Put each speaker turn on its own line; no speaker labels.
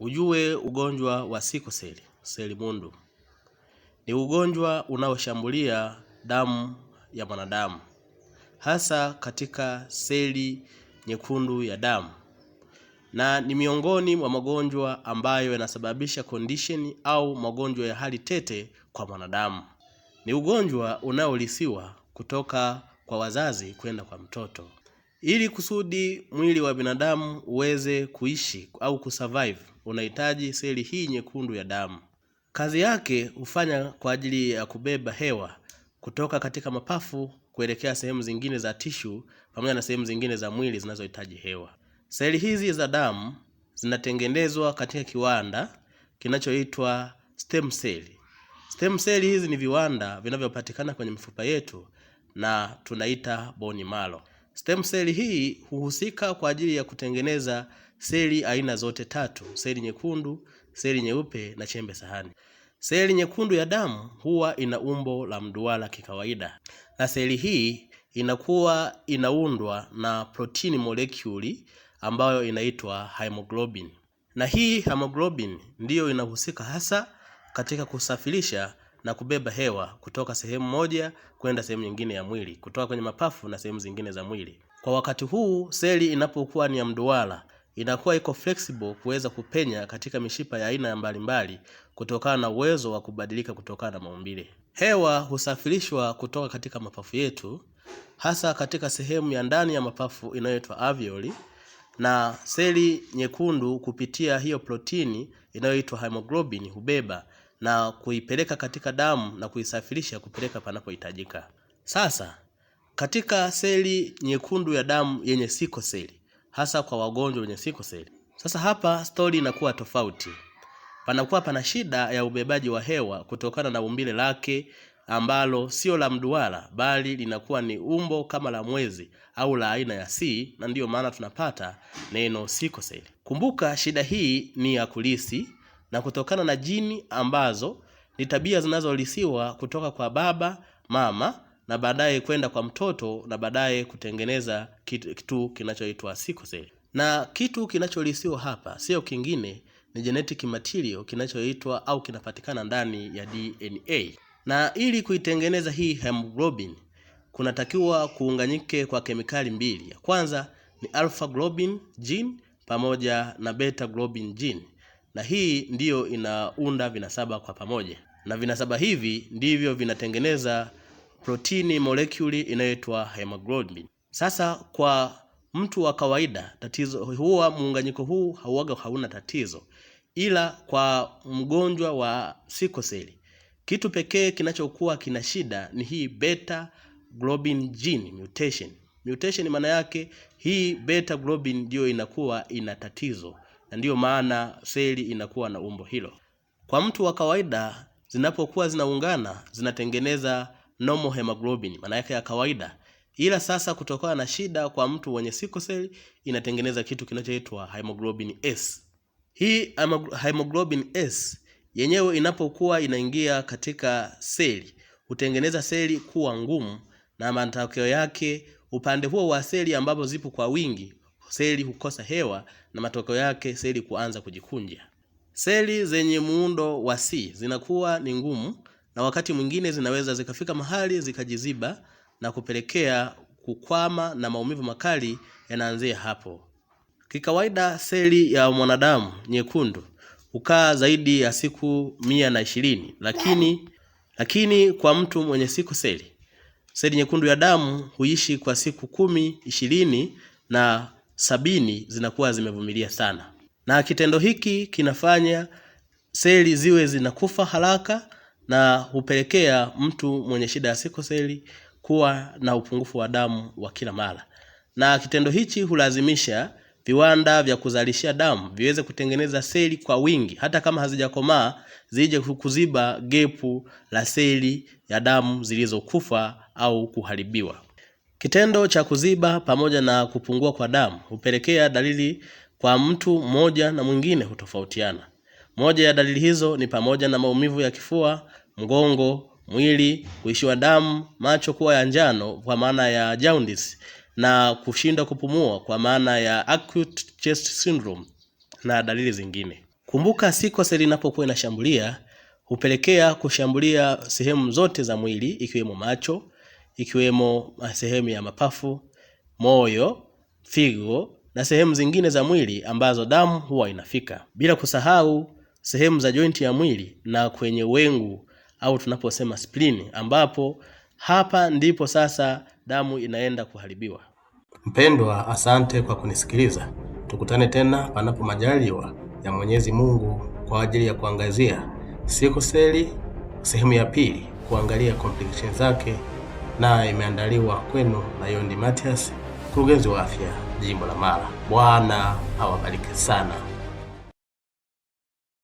Ujue ugonjwa wa seli mundu ni ugonjwa unaoshambulia damu ya mwanadamu hasa katika seli nyekundu ya damu na ni miongoni mwa magonjwa ambayo yanasababisha condition au magonjwa ya hali tete kwa mwanadamu. Ni ugonjwa unaolisiwa kutoka kwa wazazi kwenda kwa mtoto. Ili kusudi mwili wa binadamu uweze kuishi au kusurvive unahitaji seli hii nyekundu ya damu. Kazi yake hufanya kwa ajili ya kubeba hewa kutoka katika mapafu kuelekea sehemu zingine za tishu pamoja na sehemu zingine za mwili zinazohitaji hewa. Seli hizi za damu zinatengenezwa katika kiwanda kinachoitwa stem cell. Stem cell hizi ni viwanda vinavyopatikana kwenye mifupa yetu na tunaita bone marrow. Stem cell hii huhusika kwa ajili ya kutengeneza seli aina zote tatu: seli nyekundu, seli nyeupe na chembe sahani. Seli nyekundu ya damu huwa ina umbo la mduara kikawaida, na seli hii inakuwa inaundwa na protini molekuli ambayo inaitwa hemoglobin, na hii hemoglobin ndiyo inahusika hasa katika kusafirisha na kubeba hewa kutoka sehemu moja kwenda sehemu nyingine ya mwili, kutoka kwenye mapafu na sehemu zingine za mwili. Kwa wakati huu seli inapokuwa ni ya mduara inakuwa iko flexible kuweza kupenya katika mishipa ya aina mbalimbali kutokana na uwezo wa kubadilika kutokana na maumbile. Hewa husafirishwa kutoka katika mapafu yetu hasa katika sehemu ya ndani ya mapafu inayoitwa alveoli na seli nyekundu kupitia hiyo protini inayoitwa hemoglobin hubeba na kuipeleka katika damu na kuisafirisha kupeleka panapohitajika. Sasa katika seli nyekundu ya damu yenye siko seli, hasa kwa wagonjwa wenye siko seli. Sasa hapa stori inakuwa tofauti, panakuwa pana shida ya ubebaji wa hewa kutokana na umbile lake ambalo sio la mduara bali linakuwa ni umbo kama la mwezi au la aina ya C, na ndiyo maana tunapata neno sikoseli. Kumbuka shida hii ni ya kulisi na kutokana na jini ambazo ni tabia zinazorisiwa kutoka kwa baba, mama na baadaye kwenda kwa mtoto na baadaye kutengeneza kitu kinachoitwa Na kitu kinachorisiwa hapa sio kingine ni genetic material kinachoitwa au kinapatikana ndani ya DNA. Na ili kuitengeneza hii hemoglobin kunatakiwa kuunganyike kwa kemikali mbili. Ya kwanza ni alpha globin gene pamoja na beta globin gene na hii ndiyo inaunda vinasaba kwa pamoja, na vinasaba hivi ndivyo vinatengeneza protini molekuli inayoitwa hemoglobin. Sasa kwa mtu wa kawaida tatizo huwa muunganyiko huu hauaga hauna tatizo, ila kwa mgonjwa wa sikoseli kitu pekee kinachokuwa kina shida ni hii beta globin gene mutation. Mutation maana yake hii beta globin ndiyo inakuwa ina tatizo na ndiyo maana seli inakuwa na umbo hilo. Kwa mtu wa kawaida, zinapokuwa zinaungana zinatengeneza normal hemoglobin, maana yake ya kawaida. Ila sasa kutokana na shida kwa mtu mwenye sickle cell inatengeneza kitu kinachoitwa hemoglobin S. Hii hemoglobin S yenyewe inapokuwa inaingia katika seli hutengeneza seli kuwa ngumu, na matokeo yake upande huo wa seli ambapo zipo kwa wingi seli hukosa hewa na matokeo yake seli kuanza kujikunja. Seli zenye muundo wa C zinakuwa ni ngumu na wakati mwingine zinaweza zikafika mahali zikajiziba na kupelekea kukwama na maumivu makali yanaanzia hapo. Kikawaida seli ya mwanadamu nyekundu hukaa zaidi ya siku mia na ishirini lakini, lakini kwa mtu mwenye siku seli seli nyekundu ya damu huishi kwa siku kumi ishirini na sabini zinakuwa zimevumilia sana, na kitendo hiki kinafanya seli ziwe zinakufa haraka na hupelekea mtu mwenye shida ya siko seli kuwa na upungufu wa damu wa kila mara, na kitendo hichi hulazimisha viwanda vya kuzalishia damu viweze kutengeneza seli kwa wingi, hata kama hazijakomaa, zije kuziba gepu la seli ya damu zilizokufa au kuharibiwa. Kitendo cha kuziba pamoja na kupungua kwa damu hupelekea dalili kwa mtu mmoja na mwingine hutofautiana. Moja ya dalili hizo ni pamoja na maumivu ya kifua, mgongo, mwili kuishiwa damu, macho kuwa ya njano kwa maana ya jaundice na kushindwa kupumua kwa maana ya acute chest syndrome na dalili zingine. Kumbuka siko seli inapokuwa inashambulia hupelekea kushambulia sehemu zote za mwili ikiwemo macho, ikiwemo eh, sehemu ya mapafu, moyo, figo na sehemu zingine za mwili ambazo damu huwa inafika, bila kusahau sehemu za jointi ya mwili na kwenye wengu au tunaposema spleen, ambapo hapa ndipo sasa damu inaenda kuharibiwa. Mpendwa, asante kwa kunisikiliza. Tukutane tena panapo majaliwa ya Mwenyezi Mungu kwa ajili ya kuangazia sikoseli sehemu ya pili, kuangalia complications zake na imeandaliwa kwenu na Yondi Matias, mkurugenzi wa afya jimbo la Mara. Bwana awabariki sana.